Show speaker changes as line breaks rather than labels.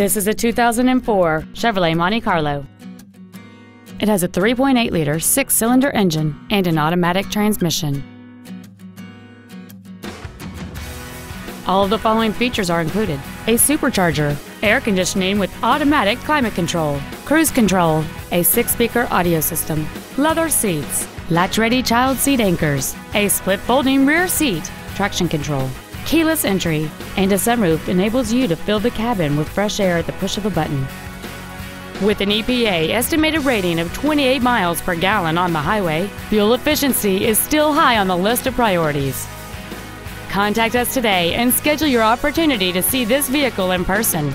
This is a 2004 Chevrolet Monte Carlo. It has a 3.8-liter six-cylinder engine and an automatic transmission. All of the following features are included. A supercharger, air conditioning with automatic climate control, cruise control, a six-speaker audio system, leather seats, latch-ready child seat anchors, a split folding rear seat, traction control, keyless entry, and a sunroof enables you to fill the cabin with fresh air at the push of a button. With an EPA estimated rating of 28 miles per gallon on the highway, fuel efficiency is still high on the list of priorities. Contact us today and schedule your opportunity to see this vehicle in
person.